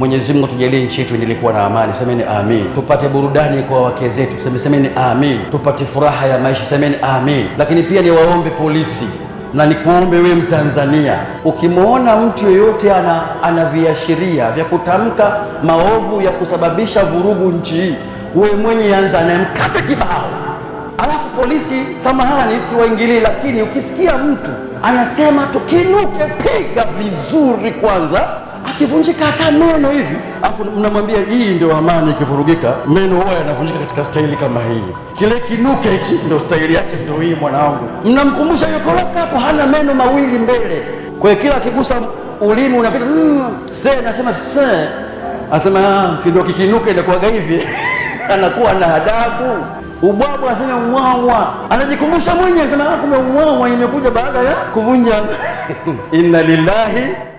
Mwenyezi Mungu tujalie nchi yetu endelee kuwa na amani, semeni amin. Tupate burudani kwa wake zetu, semeni amin. Tupate furaha ya maisha, semeni amin. Lakini pia niwaombe polisi na nikuombe wewe Mtanzania, ukimwona mtu yeyote ana, ana viashiria vya kutamka maovu ya kusababisha vurugu nchi hii, wewe mwenye anza anamkata kibao, alafu polisi, samahani, siwaingilie. Lakini ukisikia mtu anasema tukinuke, piga vizuri kwanza akivunjika hata meno hivi, afu mnamwambia hii ndio amani. Ikivurugika meno huwa yanavunjika katika staili kama hii, kile kinuke hiki ndio staili yake, ndio hii mwanangu. Mnamkumbusha loka hapo, hana meno mawili mbele, kwa hiyo kila akigusa ulimi unapita mm, se nasema se asema ah, kindo kikinuke inakuwaga hivi anakuwa na adabu ubwabwa, anasema mwawa, anajikumbusha mwenye asema ah, kumbe mwawa imekuja baada ya kuvunja inna lillahi